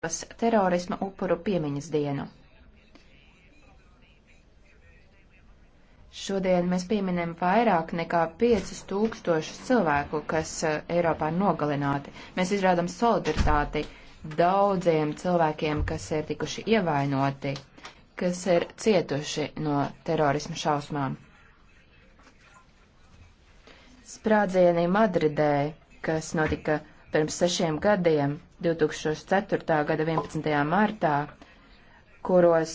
Starptautiskās terorisma upuru piemiņas dienu. Šodien mēs pieminam vairāk nekā 5000 cilvēku, kas eh, Eiropā ir nogalināti. Mēs izrādām solidaritāti daudziem cilvēkiem, kas ir tikuši ievainoti, kas ir cietuši no terorisma šausmām. Sprādzienī Madridē, kas notika pirms sešiem gadiem, 2004. gada 11. martā, kuros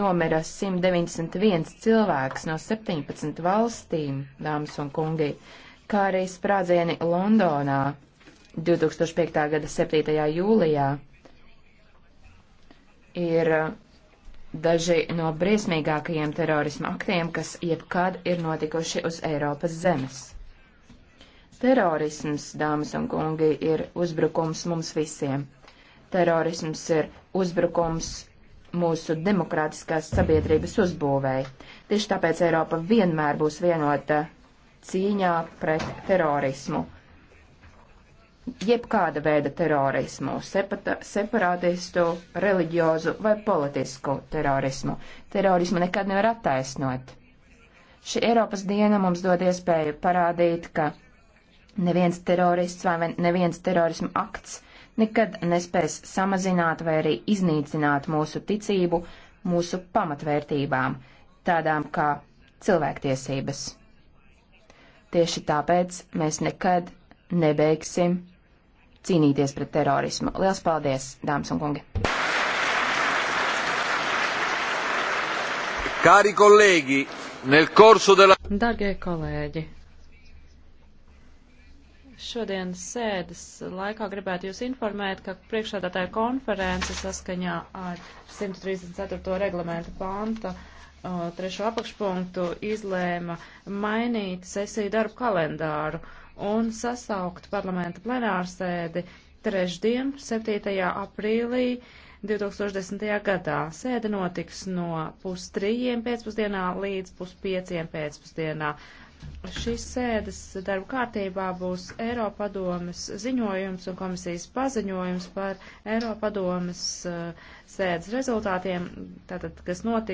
nomira 191 cilvēks no 17 valstīm, dāmas un kungi, kā arī sprādzieni Londonā 2005. gada 7. jūlijā ir daži no briesmīgākajiem terorisma aktiem, kas jebkad ir notikuši uz Eiropas zemes. Terorisms, dāmas un kungi, ir uzbrukums mums visiem. Terorisms ir uzbrukums mūsu demokrātiskās sabiedrības uzbūvēji. Tieši tāpēc Eiropa vienmēr būs vienota cīņā pret terorismu. Jebkāda veida terorismu, sepata, separātistu, reliģiozu vai politisku terorismu. Terorismu nekad nevar attaisnot. Šī Eiropas diena mums dod iespēju parādīt, ka Neviens terorists vai neviens terorisma akts nekad nespēs samazināt vai arī iznīcināt mūsu ticību, mūsu pamatvērtībām, tādām kā cilvēktiesības. Tieši tāpēc mēs nekad nebeigsim cīnīties pret terorismu. Lielas paldies, dāmas un kungi! Cari colleghi, nel corso della... Dargie colleghi, Šodienas sēdes laikā gribētu jūs informēt, ka priekšādātāja konference saskaņā ar 134. reglamentu panta trešo apakšpunktu izlēma mainīt sesiju darbu kalendāru un sasaukt parlamenta plenārsēdi trešdien, 7. aprīlī 2010. gadā. Sēde notiks no pustrījiem pēcpusdienā līdz puspieciem pēcpusdienā. Šīs sēdes darba kārtībā būs Eiropadomes ziņojums un komisijas paziņojums par Eiropadomes uh, sēdes rezultātiem, tātad, kas notika.